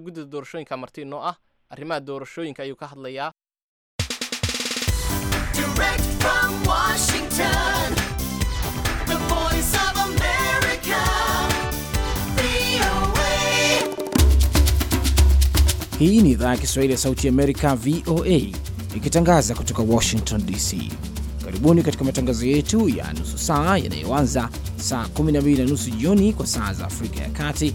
guddida doorashooyinka marti inoo ah arrimaha doorashooyinka ayuu ka hadlayaa Hii ni idhaa ya Kiswahili ya Sauti Amerika, VOA, ikitangaza kutoka Washington DC. Karibuni katika matangazo yetu ya nusu saa yanayoanza saa 12 na nusu jioni kwa saa za Afrika ya Kati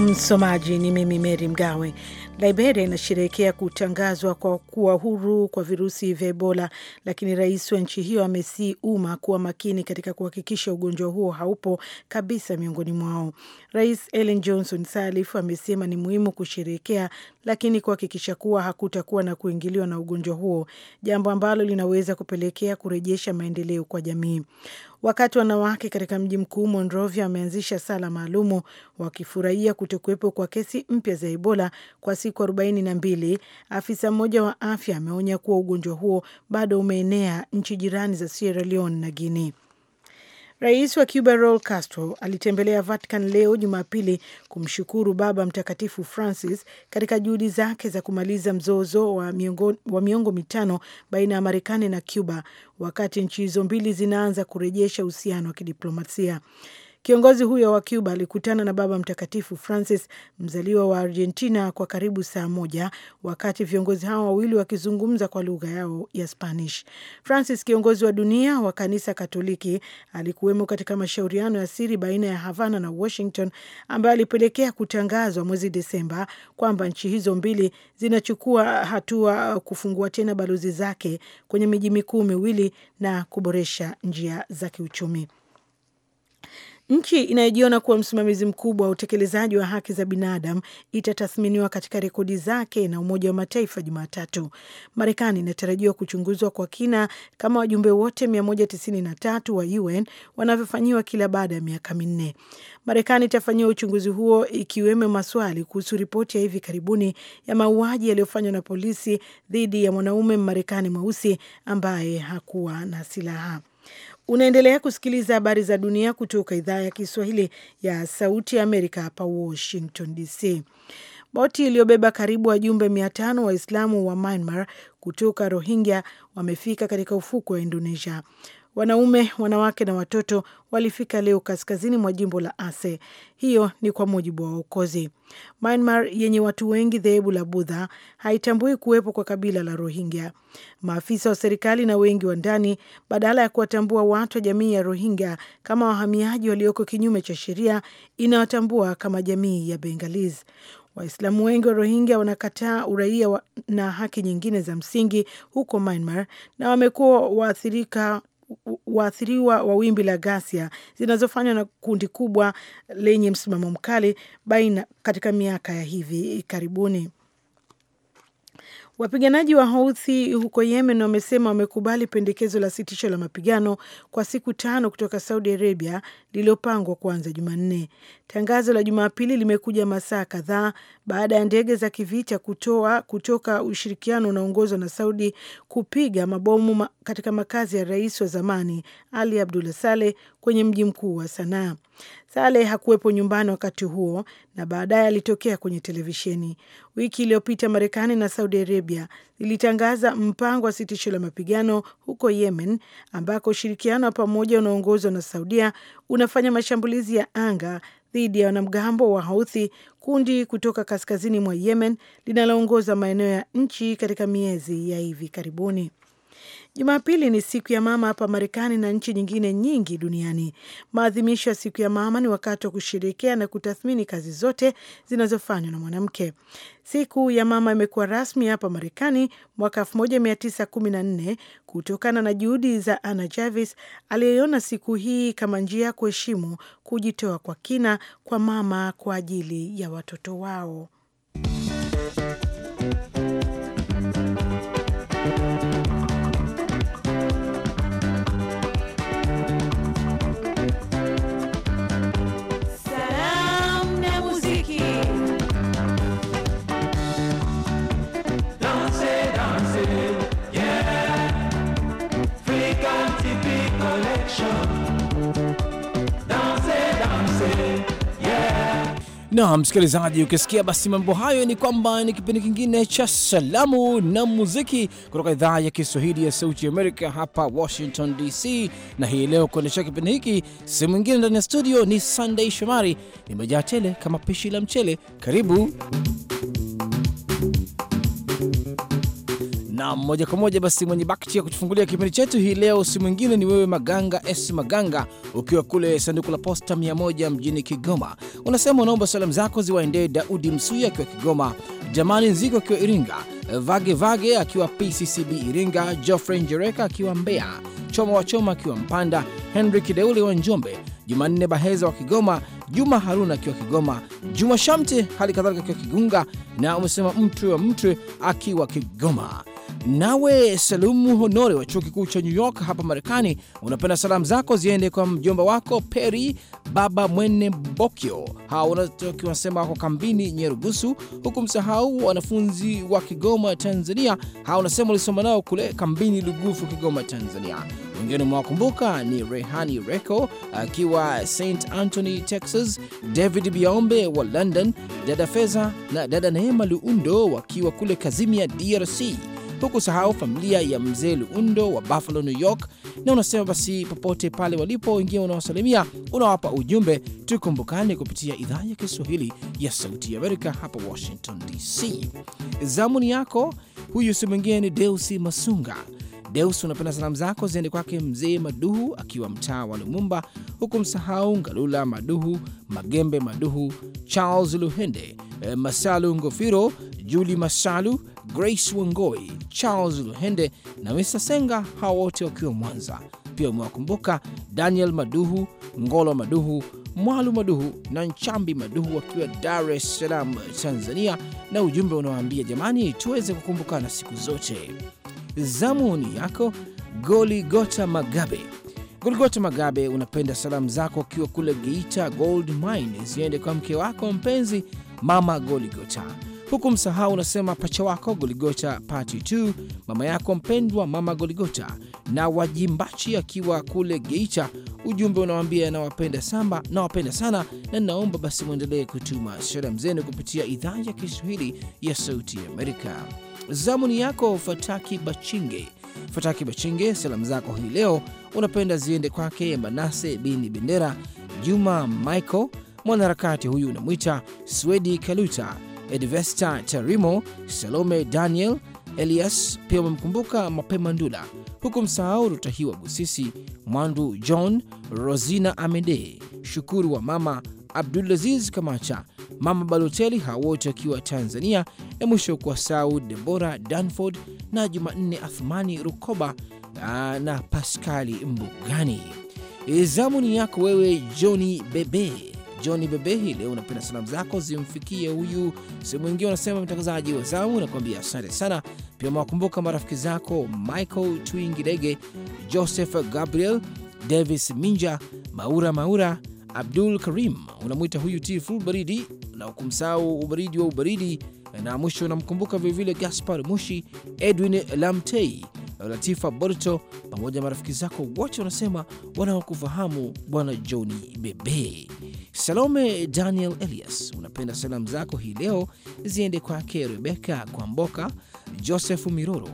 Msomaji ni mimi Meri Mgawe. Liberia inasherehekea kutangazwa kwa kuwa huru kwa virusi vya Ebola, lakini rais wa nchi hiyo amesii umma kuwa makini katika kuhakikisha ugonjwa huo haupo kabisa miongoni mwao. Rais Ellen Johnson Sirleaf amesema ni muhimu kusherehekea, lakini kuhakikisha kuwa hakutakuwa na kuingiliwa na ugonjwa huo, jambo ambalo linaweza kupelekea kurejesha maendeleo kwa jamii wakati wanawake katika mji mkuu Monrovia wameanzisha sala maalumu wakifurahia kutokuwepo kwa kesi mpya za Ebola kwa siku arobaini na mbili. Afisa mmoja wa afya ameonya kuwa ugonjwa huo bado umeenea nchi jirani za Sierra Leone na Guinea. Rais wa Cuba Raul Castro alitembelea Vatican leo Jumapili kumshukuru Baba Mtakatifu Francis katika juhudi zake za kumaliza mzozo wa miongo, wa miongo mitano baina ya Marekani na Cuba wakati nchi hizo mbili zinaanza kurejesha uhusiano wa kidiplomasia. Kiongozi huyo wa Cuba alikutana na Baba Mtakatifu Francis, mzaliwa wa Argentina, kwa karibu saa moja, wakati viongozi hao wawili wakizungumza kwa lugha yao ya Spanish. Francis, kiongozi wa dunia wa kanisa Katoliki, alikuwemo katika mashauriano ya siri baina ya Havana na Washington ambayo alipelekea kutangazwa mwezi Desemba kwamba nchi hizo mbili zinachukua hatua kufungua tena balozi zake kwenye miji mikuu miwili na kuboresha njia za kiuchumi. Nchi inayojiona kuwa msimamizi mkubwa wa utekelezaji wa haki za binadamu itatathminiwa katika rekodi zake na Umoja wa Mataifa Jumatatu. Marekani inatarajiwa kuchunguzwa kwa kina kama wajumbe wote 193 wa UN wanavyofanyiwa kila baada ya miaka minne. Marekani itafanyiwa uchunguzi huo ikiwemo maswali kuhusu ripoti ya hivi karibuni ya mauaji yaliyofanywa na polisi dhidi ya mwanaume Mmarekani mweusi ambaye hakuwa na silaha. Unaendelea kusikiliza habari za dunia kutoka idhaa ya Kiswahili ya Sauti ya Amerika, hapa Washington DC. Boti iliyobeba karibu wajumbe mia tano Waislamu wa Myanmar kutoka Rohingya wamefika katika ufukwe wa Indonesia. Wanaume, wanawake na watoto walifika leo kaskazini mwa jimbo la Aceh. Hiyo ni kwa mujibu wa waokozi. Myanmar yenye watu wengi dhehebu la Budha haitambui kuwepo kwa kabila la Rohingya. Maafisa wa serikali na wengi wa ndani, badala ya kuwatambua watu wa jamii ya Rohingya kama wahamiaji walioko kinyume cha sheria, inawatambua kama jamii ya Bengalis. Waislamu wengi wa Rohingya wanakataa uraia wa na haki nyingine za msingi huko Myanmar na wamekuwa waathirika waathiriwa wa wimbi la ghasia zinazofanywa na kundi kubwa lenye msimamo mkali baina katika miaka ya hivi karibuni. Wapiganaji wa Houthi huko Yemen wamesema wamekubali pendekezo la sitisho la mapigano kwa siku tano kutoka Saudi Arabia lililopangwa kuanza Jumanne. Tangazo la Jumapili limekuja masaa kadhaa baada ya ndege za kivita kutoa kutoka ushirikiano unaongozwa na Saudi kupiga mabomu katika makazi ya rais wa zamani Ali Abdullah Saleh kwenye mji mkuu wa Sanaa. Saleh hakuwepo nyumbani wakati huo na baadaye alitokea kwenye televisheni. Wiki iliyopita, Marekani na Saudi Arabia zilitangaza mpango wa sitisho la mapigano huko Yemen, ambako ushirikiano wa pamoja unaoongozwa na Saudia unafanya mashambulizi ya anga dhidi ya wanamgambo wa Houthi, kundi kutoka kaskazini mwa Yemen linaloongoza maeneo ya nchi katika miezi ya hivi karibuni. Jumapili ni siku ya mama hapa Marekani na nchi nyingine nyingi duniani. Maadhimisho ya siku ya mama ni wakati wa kusherekea na kutathmini kazi zote zinazofanywa na mwanamke. Siku ya mama imekuwa rasmi hapa Marekani mwaka 1914 kutokana na juhudi za Anna Jarvis aliyeona siku hii kama njia ya kuheshimu kujitoa kwa kina kwa mama kwa ajili ya watoto wao. na msikilizaji, ukisikia basi mambo hayo, ni kwamba ni kipindi kingine cha salamu na muziki kutoka idhaa ya Kiswahili ya Sauti Amerika hapa Washington DC, na hii leo kuendesha kipindi hiki si mwingine ndani ya studio ni Sunday Shomari. Nimejaa tele kama pishi la mchele. Karibu. na moja kwa moja basi, mwenye bakti ya kutufungulia kipindi chetu hii leo si mwingine ni wewe Maganga S Maganga, ukiwa kule sanduku la posta 100 mjini Kigoma. Unasema unaomba salamu zako ziwaendee Daudi Msuya akiwa Kigoma, Jamani Nziko akiwa Iringa, Vage Vage akiwa PCCB Iringa, Jofre Njereka akiwa Mbeya, Choma wa Choma akiwa Mpanda, Henri Kideuli wa Njombe, Jumanne Baheza wa Kigoma, Juma Haruna akiwa Kigoma, Juma Shamte hali kadhalika akiwa Kigunga, na umesema Mtwe wa Mtwe akiwa Kigoma. Nawe Salumu Honore wa chuo kikuu cha New York hapa Marekani, unapenda salamu zako ziende kwa mjomba wako Peri Baba Mwene Bokyo, hawa wanatoki wanasema wako kambini Nyerugusu, huku msahau wanafunzi wa Kigoma Tanzania, hawa wanasema walisoma nao kule kambini Lugufu, Kigoma Tanzania. Wengine mwakumbuka ni Rehani Reko akiwa St Anthony Texas, David Biaombe wa London, dada Feza na dada Neema Luundo wakiwa kule Kazimia DRC huku sahau familia ya mzee Luundo wa Buffalo, New York. Na unasema basi, popote pale walipo, wengine unawasalimia, unawapa ujumbe, tukumbukane kupitia idhaa ya Kiswahili ya Sauti ya Amerika hapa Washington DC. Zamuni yako huyu si mwingine ni Deusi Masunga Deus unapenda salamu zako ziende kwake mzee Maduhu akiwa mtaa wa Lumumba, huku msahau Ngalula Maduhu, Magembe Maduhu, Charles Luhende, eh, Masalu Ngofiro, Juli Masalu, Grace Wangoi, Charles Luhende na Mr. Senga, hawa wote wakiwa Mwanza. Pia umewakumbuka Daniel Maduhu, Ngolo Maduhu, Mwalu Maduhu na Nchambi Maduhu wakiwa Dar es Salaam, Tanzania, na ujumbe unawaambia jamani, tuweze kukumbukana siku zote zamuni yako Goligota Magabe. Goligota Magabe, unapenda salamu zako ukiwa kule Geita Gold Mine ziende kwa mke wako mpenzi Mama Goligota, huku msahau unasema pacha wako Goligota Party 2, mama yako mpendwa Mama Goligota na Wajimbachi akiwa kule Geita. Ujumbe unawambia nawapenda samba, nawapenda sana, na naomba basi mwendelee kutuma salamu zenu kupitia idhaa ya Kiswahili ya Sauti ya Amerika. Zamuni yako Fataki Bachinge. Fataki Bachinge, salamu zako hii leo unapenda ziende kwake Manase Bini Bendera, Juma Michael mwanaharakati huyu unamwita Swedi Kaluta, Edvesta Tarimo, Salome Daniel Elias, pia umemkumbuka Mapema Ndula, huku msahau Rutahiwa Busisi, Mwandu John, Rosina Amede, Shukuru wa mama Abdulaziz Kamacha mama Baloteli, hawa wote wakiwa Tanzania, na mwisho kwa Saud Debora Danford na Jumanne Athmani Rukoba ah, na Paskali Mbugani. E, zamu ni yako wewe, Johni Bebe. Johni Bebe, hii leo unapenda salamu zako zimfikie huyu sehemu ingine, unasema mtangazaji wa zamu, nakuambia asante sana. Pia umewakumbuka marafiki zako Michael dege Joseph Gabriel, Davis Minja, Maura Maura Abdul Karim unamwita huyu Tiful Baridi na kumsahau ubaridi wa ubaridi, na mwisho unamkumbuka vilevile Gaspar Mushi, Edwin Lamtei, Latifa Borto pamoja na marafiki zako wote wanasema wanaokufahamu Bwana Joni Bebe. Salome Daniel Elias unapenda salamu zako hii leo ziende kwake Rebeka Kwamboka, Joseph Miroro,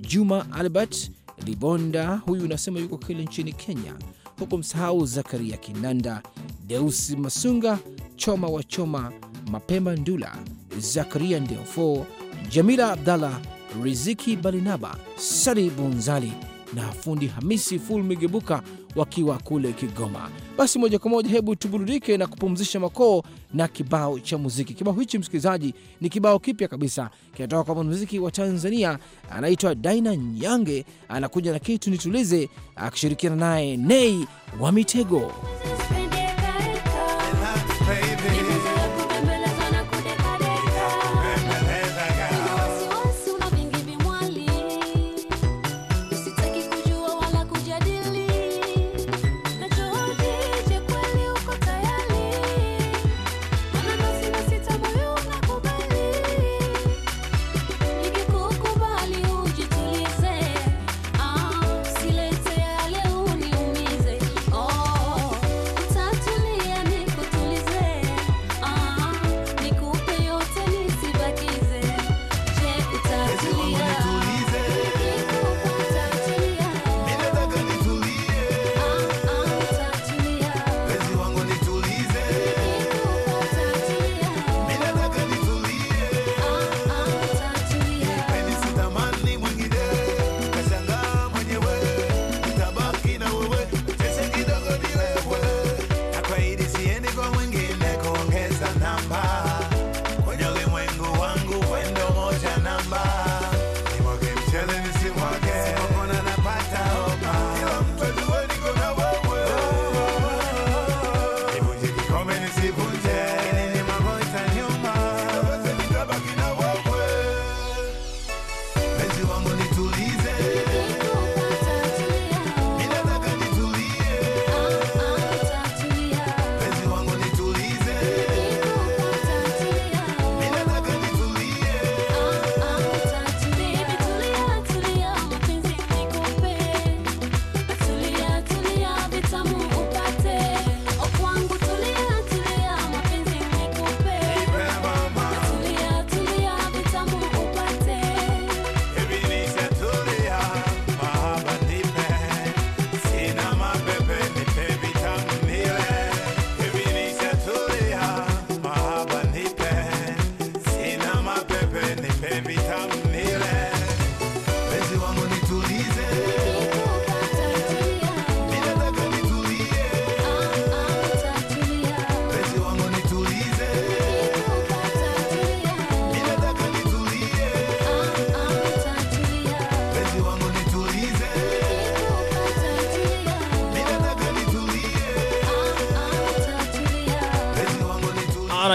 Juma Albert Libonda, huyu unasema yuko kile nchini Kenya huku msahau Zakaria Kinanda, Deusi Masunga, Choma wa Choma, Mapema Ndula, Zakaria Ndeofo, Jamila Abdallah, Riziki Balinaba, Sali Bunzali na fundi Hamisi Ful Migebuka wakiwa kule Kigoma. Basi moja kwa moja, hebu tuburudike na kupumzisha makoo na kibao cha muziki. Kibao hichi msikilizaji, ni kibao kipya kabisa, kinatoka kwa mwanamuziki wa Tanzania anaitwa Daina Nyange, anakuja na kitu nitulize, akishirikiana naye Nei wa Mitego.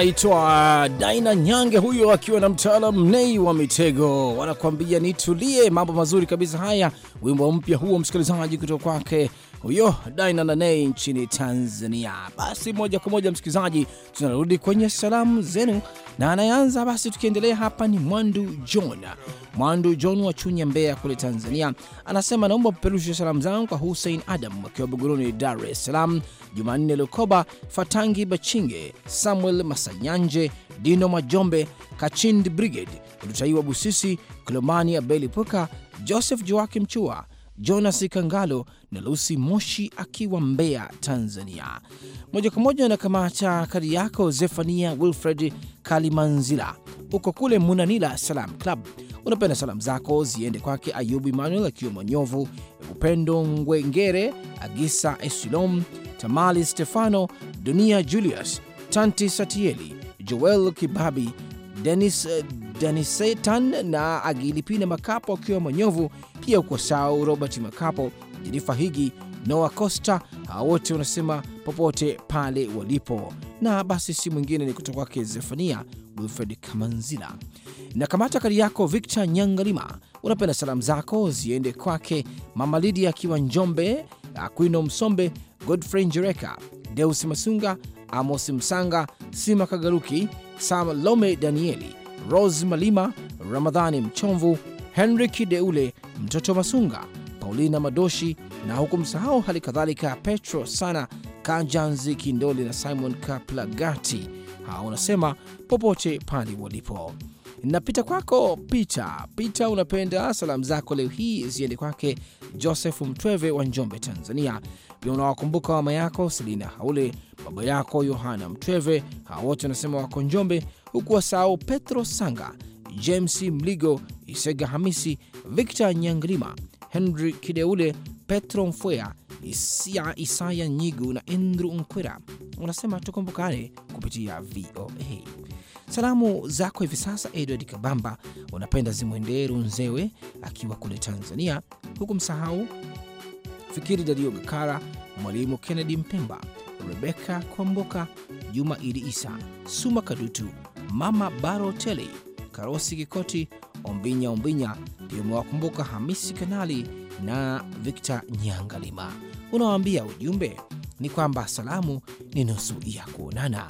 anaitwa Daina Nyange, huyo akiwa na mtaalam Nei wa Mitego, wanakuambia nitulie. Mambo mazuri kabisa haya, wimbo mpya huo msikilizaji, kutoka kwake huyo Daina Nanei nchini Tanzania. Basi moja kwa moja, msikilizaji, tunarudi kwenye salamu zenu na anayeanza basi, tukiendelea hapa ni Mwandu John. Mwandu John wa Chunya, Mbeya kule Tanzania, anasema naomba peperushe salamu zangu kwa Hussein Adam wakiwa Buguruni, Dar es Salaam, Jumanne Lukoba, Fatangi Bachinge, Samuel Masanyanje, Dino Majombe, Kachind Brigade, udutaiwa Busisi, Klomani Abeli Puka, Joseph Joakim Chua Jonas Kangalo na Lucy Moshi akiwa Mbeya, Tanzania. Moja kwa moja na kamata kari yako Zefania Wilfred Kalimanzila, uko kule Munanila Salam Club. Unapenda salamu zako ziende kwake Ayubu Emmanuel akiwa Manyovu, Upendo Ngwengere, Agisa Esilom, Tamali Stefano, Dunia Julius, Tanti Satieli, Joel Kibabi, Denis Danisetan na Agilipina Makapo akiwa Manyovu, pia ukosao Robert Makapo, Jenifa Higi, Noa Costa. Hawa wote wanasema popote pale walipo, na basi si mwingine ni kutoka kwake Zefania Wilfred Kamanzila na kamata kari yako Victor Nyangalima, unapenda salamu zako ziende kwake Mama Lidia akiwa Njombe, Aquino Msombe, Godfrey Njereka, Deus Masunga, Amos Msanga, Sima Kagaruki, Lome, Danieli Rose Malima, Ramadhani Mchomvu, Henrik Deule, Mtoto Masunga, Paulina Madoshi na hukumsahau hali kadhalika Petro Sana, Kanjanzi Kindoli na Simon Kaplagati. Hawa unasema popote pale walipo napita kwako Peter. Peter, unapenda salamu zako leo hii ziende kwake Joseph Mtweve wa Njombe, Tanzania. Pia unawakumbuka mama yako Selina Haule, baba yako Yohana Mtweve. Hawa wote wanasema wako Njombe, huku wasahau Petro Sanga, James Mligo, Isega Hamisi, Victor Nyangrima, Henry Kideule, Petro Mfwea, Isia Isaya Nyigu na Andrew Nkwira. Unasema tukumbukane kupitia VOA. Salamu zako hivi sasa, Edward Kabamba, unapenda zimwendee Runzewe akiwa kule Tanzania, huku msahau Fikiri Dario Gakara, Mwalimu Kennedy Mpemba, Rebeka Kwamboka, Juma Idi Isa, Suma Kadutu, Mama Baroteli, Karosi Kikoti, Ombinya Ombinya, pia umewakumbuka Hamisi Kanali na Victor Nyangalima. Unawaambia ujumbe ni kwamba salamu ni nusu ya kuonana.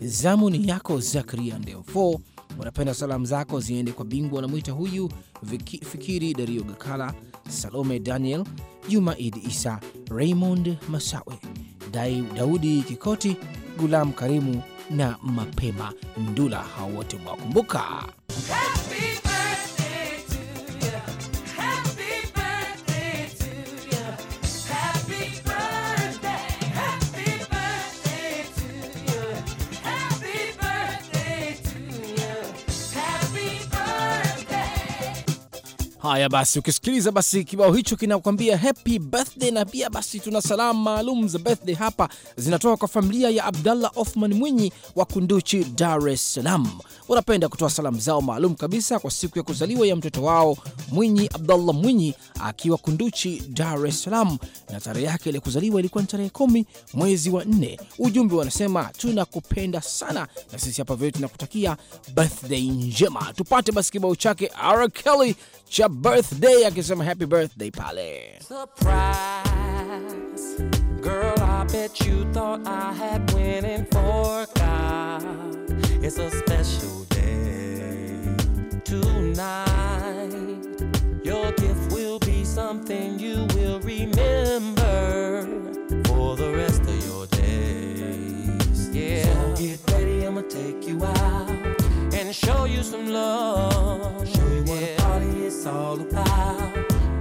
Zamu ni yako Zakaria Ndemfo, unapenda salamu zako ziende kwa bingwa mwita huyu Viki, Fikiri Dario Gakala, Salome Daniel, Juma Idi Isa, Raymond Masawe, Dai Daudi Kikoti, Gulam Karimu na Mapema Ndula. Hao wote mwakumbuka. Haya basi, ukisikiliza basi kibao hicho kinakuambia happy birthday, na pia basi tuna salamu maalum za birthday hapa zinatoka kwa familia ya Abdallah Othman Mwinyi wa Kunduchi, Dar es Salaam. Wanapenda kutoa salamu zao maalum kabisa kwa siku ya kuzaliwa ya mtoto wao Mwinyi Abdallah Mwinyi akiwa Kunduchi, Dar es Salaam, na tarehe yake ile kuzaliwa ilikuwa ni tarehe kumi mwezi wa nne. Ujumbe wanasema tunakupenda sana, na sisi hapa vile tunakutakia birthday njema. Tupate basi kibao chake R Kelly cha birthday. I guess I'm happy birthday, pale. Surprise. Girl, I bet you thought I had It's a special day tonight. Your gift will be something you will remember for the rest of your days. Yeah. So get ready, I'ma take you out show you some love. Show you what yeah. a party is all about.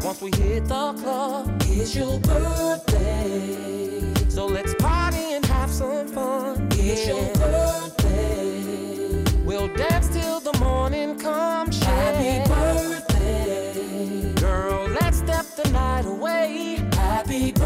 Once we hit the club, it's your birthday. So let's party and have some fun. It's yeah. your birthday. We'll dance till the morning comes. Happy birthday, girl. Let's step the night away. Happy birthday.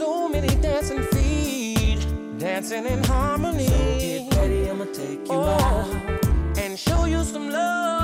So many dancing feet, dancing in harmony. So get ready, I'ma take you oh, out and show you some love.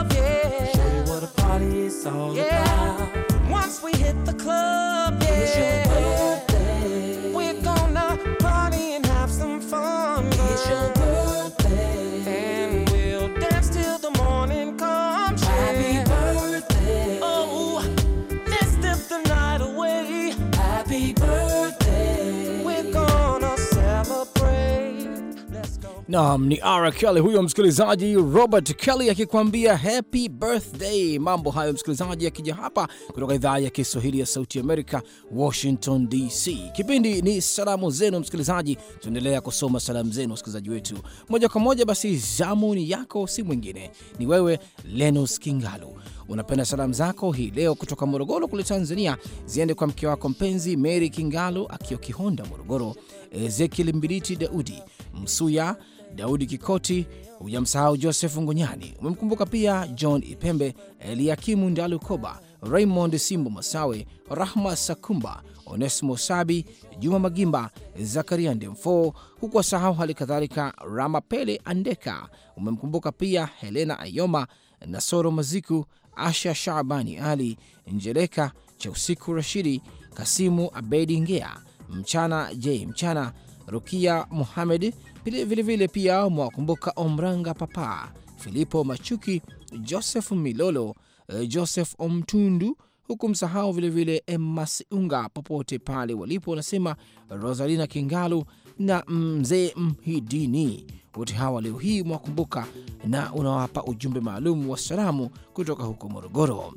Naam, ni Ara Kelly huyo msikilizaji, Robert Kelly akikuambia happy birthday. Mambo hayo msikilizaji akija hapa kutoka idhaa ya Kiswahili ya Sauti Amerika, Washington DC. Kipindi ni salamu zenu msikilizaji, tunaendelea kusoma salamu zenu wasikilizaji wetu moja kwa moja. Basi zamu ni yako, si mwingine ni wewe Lenus Kingalu. Unapenda salamu zako hii leo kutoka Morogoro kule Tanzania ziende kwa mke wako mpenzi Mary Kingalu akiwa Kihonda Morogoro, Ezekiel Mbiliti Daudi Msuya Daudi Kikoti, hujamsahau Joseph Ngonyani, umemkumbuka pia John Ipembe, Eliakimu Ndalukoba, Raymond Simbo Masawe, Rahma Sakumba, Onesimo Sabi, Juma Magimba, Zakaria Ndemfo, huku wasahau hali kadhalika Ramapele Andeka, umemkumbuka pia Helena Ayoma, Nasoro Maziku, Asha Shaabani Ali, Njeleka Chausiku Rashidi, Kasimu Abedi Ngea, Mchana J Mchana, Rukia Muhamed Vilevile vile pia mwakumbuka Omranga Papa, Filipo Machuki, Joseph Milolo, eh, Joseph Omtundu, huku msahau vilevile Emma Siunga popote pale walipo, unasema Rosalina Kingalu na mzee Mhidini. Wote hawa leo hii mwakumbuka na unawapa ujumbe maalum wa salamu kutoka huko Morogoro.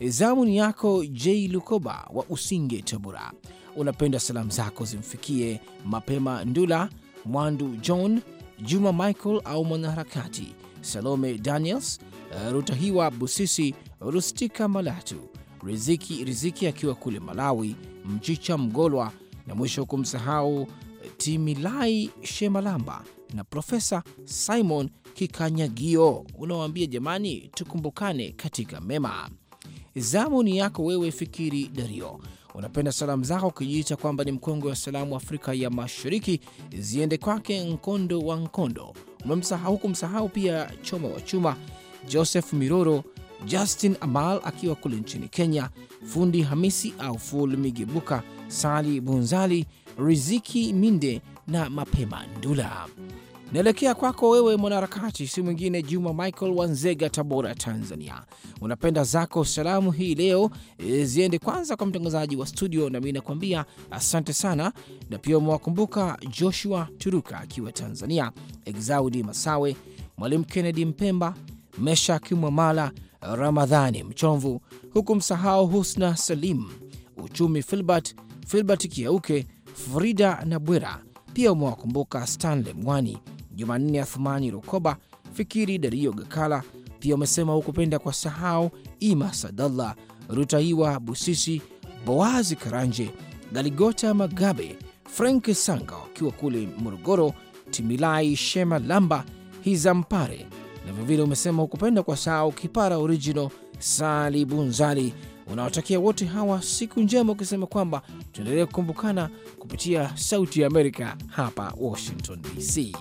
Eh, zamu ni yako J Lukoba wa Usinge, Tabora. Unapenda salamu zako zimfikie Mapema Ndula Mwandu John, Juma Michael au mwanaharakati Salome Daniels, Rutahiwa Busisi, Rustika Malatu, Riziki Riziki akiwa kule Malawi, Mchicha Mgolwa na mwisho kumsahau Timilai Shemalamba na Profesa Simon Kikanyagio. Unawaambia jamani, tukumbukane katika mema. Zamu ni yako wewe, Fikiri Dario unapenda salamu zako ukijiita kwamba ni mkongwe wa salamu Afrika ya Mashariki ziende kwake Nkondo wa Nkondo, umemsahau msahau pia Choma wa Chuma, Joseph Miroro, Justin Amal akiwa kule nchini Kenya, Fundi Hamisi au Ful Migebuka, Sali Bunzali, Riziki Minde na Mapema Ndula. Naelekea kwako wewe mwanaharakati, si mwingine Juma Michael Wanzega, Tabora, Tanzania. Unapenda zako salamu hii leo e, ziende kwanza kwa mtangazaji wa studio, nami nakuambia asante sana, na pia umewakumbuka Joshua Turuka akiwa Tanzania, Exaudi Masawe, Mwalimu Kennedy Mpemba, Mesha Kimwamala, Ramadhani Mchomvu, huku msahau Husna Salim, Uchumi Filbert, Filbert Kiauke, Frida bwera pia umewakumbuka Stanley Mwani Jumanne Athumani Rukoba, Fikiri Dario Gakala pia wamesema hukupenda kwa sahau Ima Sadalla, Rutaiwa Busisi, Boazi Karanje, Galigota Magabe, Frank Sanga wakiwa kule Morogoro, Timilai Shema Lamba Hizampare, na vilevile umesema hukupenda kwa sahau Kipara Original Sali Bunzali. Unawatakia wote hawa siku njema, ukisema kwamba tuendelee kukumbukana kupitia Sauti ya Amerika hapa Washington DC.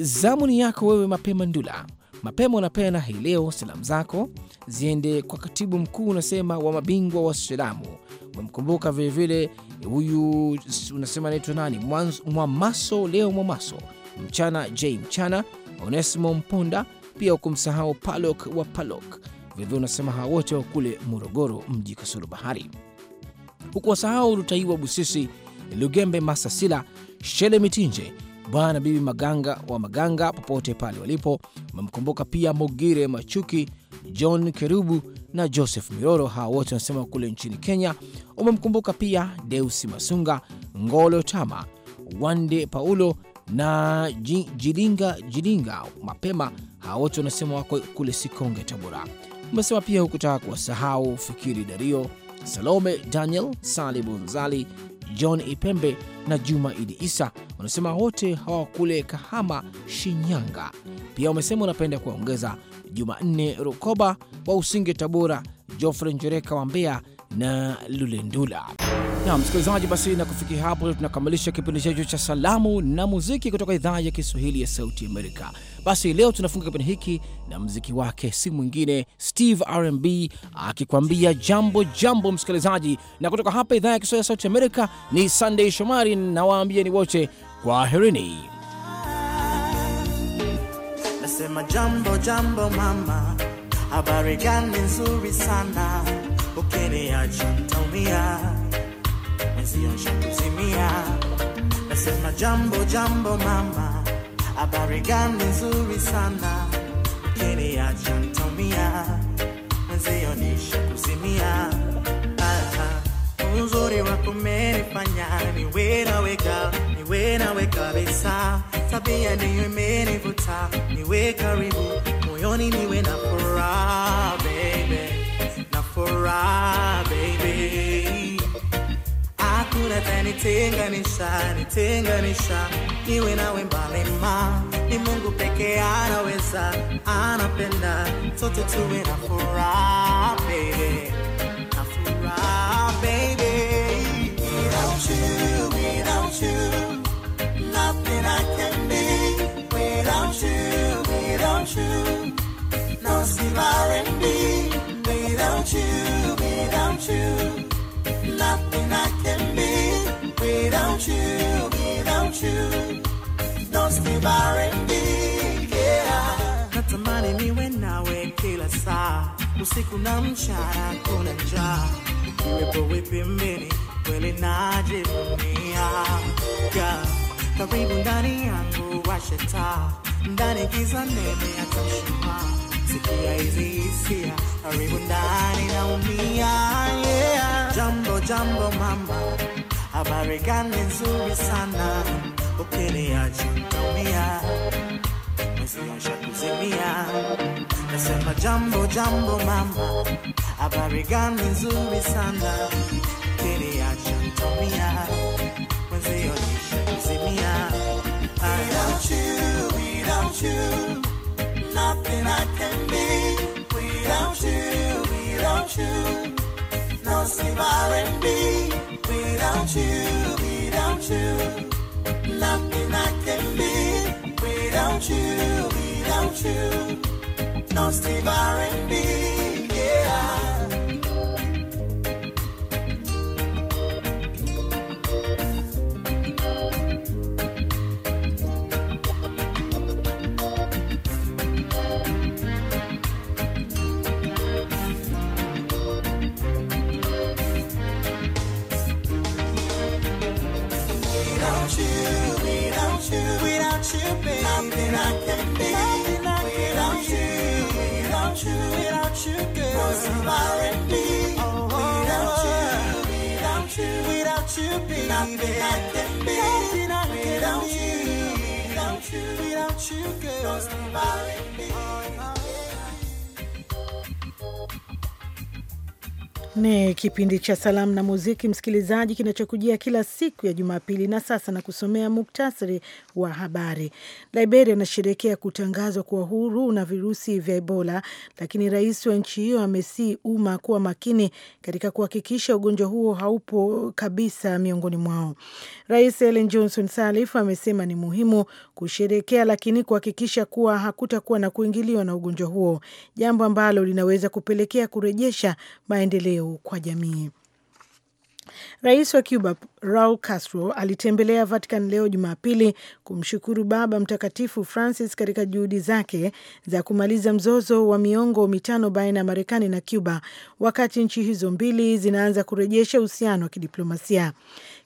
Zamuni yako wewe mapema Ndula mapema unapena hii leo. Salamu zako ziende kwa katibu mkuu unasema wa mabingwa wa salamu, umemkumbuka vilevile huyu unasema anaitwa nani, Mwamaso leo Mwamaso Mchana J Mchana, Onesimo Mponda, pia ukumsahau Palok wa Palok. Vilevile unasema hawa wote wa kule Morogoro mji kasoro bahari, huku wasahau rutaiwa Busisi, Lugembe Masasila, Shele Mitinje Bwana Bibi Maganga wa Maganga popote pale walipo. Wamemkumbuka pia Mogire Machuki, John Kerubu na Joseph Miroro, hawa wote wanasema kule nchini Kenya. Wamemkumbuka pia Deusi Masunga, Ngolo Tama, Wande Paulo na Jilinga Jilinga mapema, hawa wote wanasema wako kule Sikonge, Tabora. Umesema pia hukutaka kuwasahau Fikiri Dario, Salome Daniel, Sali Bunzali, John Ipembe na Juma Idi Isa wanasema wote hawa kule Kahama, Shinyanga. Pia wamesema unapenda kuwaongeza Jumanne Rukoba wa Usinge, Tabora, Jofre Njereka wa Mbeya na Lulendula na msikilizaji, basi na kufikia hapo tunakamilisha kipindi chetu cha salamu na muziki kutoka idhaa ya Kiswahili ya Sauti Amerika. Basi leo tunafunga kipindi hiki na mziki wake si mwingine Steve RnB akikwambia jambo jambo, msikilizaji. Na kutoka hapa idhaa ya Kiswahili ya Sauti Amerika ni Sunday Shomari nawaambia ni wote kwaherini. Nasema jambo jambo mama, habari gani nzuri sana, ukiniacha nisiosha kuzimia. Nasema jambo jambo, mama, habari gani nzuri sana kiniacha ntomia, nisiosha kuzimia. Uzuri wako umenifanya niwe nawe niwe nawe kabisa, tabia ndiyo imenivuta niwe karibu moyoni, niwe na furaha baby, na furaha baby ma ni mungu anaweza anapenda tuwe na baby na baby without you without you nothing i can be without you without you no and me without you without you nothing i can without you, without you. Don't skip R&B, yeah. Natamani niwe nawe kila saa, usiku na mchana, kuna njaa. Ukiwepo wipi mimi, kweli najivunia. Karibu ndani yangu, washe taa, ndani giza nene, hata sikia hizi hisia karibu ndani naumia, yeah. Jambo jambo mama Habari gani nzuri sana, ukiniacha nitaumia, Nasema jambo jambo mama, habari gani nzuri sana, ukiniacha nitaumia, without you, nothing I can be. Without you, without you. Explosive R&B. Without you, without you, nothing I can be Without you, without you, Explosive R&B. I without, you, without you, without you, girl. Don't me. Ni kipindi cha salamu na muziki, msikilizaji, kinachokujia kila siku ya Jumapili. Na sasa na kusomea muktasari wa habari. Liberia anasherekea kutangazwa kwa huru na virusi vya Ebola, lakini rais wa nchi hiyo amesii umma kuwa makini katika kuhakikisha ugonjwa huo haupo kabisa miongoni mwao. Rais Ellen Johnson Sirleaf amesema ni muhimu kusherehekea, lakini kuhakikisha kuwa hakutakuwa na kuingiliwa na ugonjwa huo, jambo ambalo linaweza kupelekea kurejesha maendeleo maendeleo kwa jamii. Rais wa Cuba Raul Castro alitembelea Vatican leo Jumapili kumshukuru Baba Mtakatifu Francis katika juhudi zake za kumaliza mzozo wa miongo mitano baina ya Marekani na Cuba, wakati nchi hizo mbili zinaanza kurejesha uhusiano wa kidiplomasia.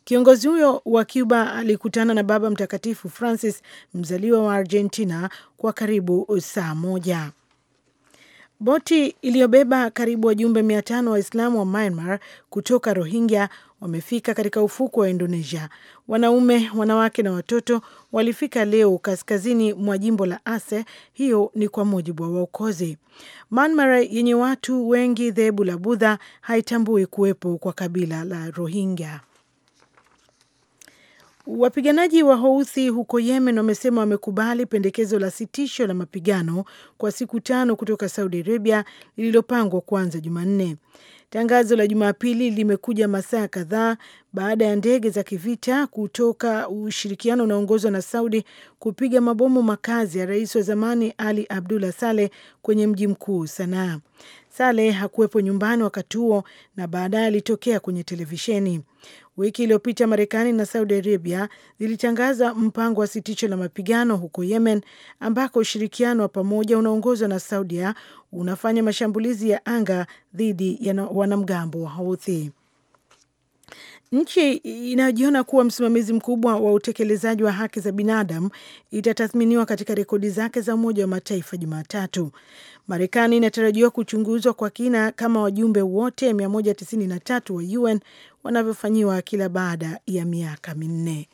Kiongozi huyo wa Cuba alikutana na Baba Mtakatifu Francis, mzaliwa wa Argentina, kwa karibu saa moja. Boti iliyobeba karibu wajumbe mia tano Waislamu wa Myanmar kutoka Rohingya wamefika katika ufuko wa Indonesia. Wanaume, wanawake na watoto walifika leo kaskazini mwa jimbo la Aceh. Hiyo ni kwa mujibu wa waokozi. Myanmar yenye watu wengi dhehebu la Budha haitambui kuwepo kwa kabila la Rohingya. Wapiganaji wa Houthi huko Yemen wamesema wamekubali pendekezo la sitisho la mapigano kwa siku tano kutoka Saudi Arabia lililopangwa kuanza Jumanne. Tangazo la Jumapili limekuja masaa kadhaa baada ya ndege za kivita kutoka ushirikiano unaoongozwa na Saudi kupiga mabomu makazi ya rais wa zamani Ali Abdullah Saleh kwenye mji mkuu Sanaa. Saleh hakuwepo nyumbani wakati huo na baadaye alitokea kwenye televisheni. Wiki iliyopita Marekani na Saudi Arabia zilitangaza mpango wa sitisho la mapigano huko Yemen, ambako ushirikiano wa pamoja unaongozwa na Saudia unafanya mashambulizi ya anga dhidi ya wanamgambo wa Houthi. Nchi inayojiona kuwa msimamizi mkubwa wa utekelezaji wa haki za binadamu itatathminiwa katika rekodi zake za Umoja wa Mataifa Jumatatu. Marekani inatarajiwa kuchunguzwa kwa kina kama wajumbe wote 193 wa UN wanavyofanyiwa kila baada ya miaka minne.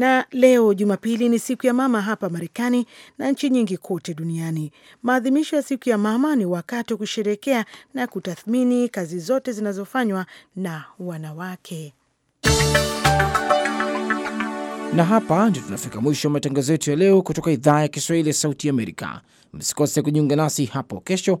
Na leo Jumapili ni siku ya mama hapa Marekani na nchi nyingi kote duniani. Maadhimisho ya siku ya mama ni wakati wa kusherekea na kutathmini kazi zote zinazofanywa na wanawake. Na hapa ndio tunafika mwisho wa matangazo yetu ya leo kutoka idhaa ya Kiswahili ya Sauti Amerika. Msikose kujiunga nasi hapo kesho